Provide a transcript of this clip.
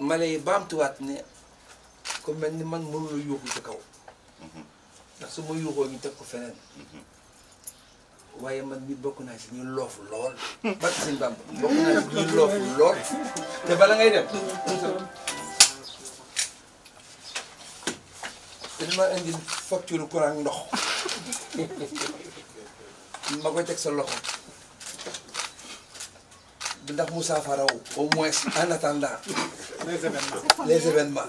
ma lay baamtuwaat ne ku mel ni man mënula yuuxu ci kaw mhm. ndax su ma yuuxoo ñu teg ko feneen mhm. waaye man mi bokk naa si ñu loofu lool barke sëñ Bàmba bokk naa si ñu loofu lool te bala ngay dem dañ ma indil facture courant ndox ma koy teg sa loxo ndax musaafara au moins en attendant les événements les événements